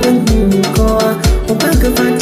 gaban kowa uban gaba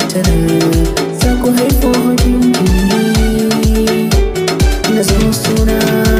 fitira za ku haifo jinki na suna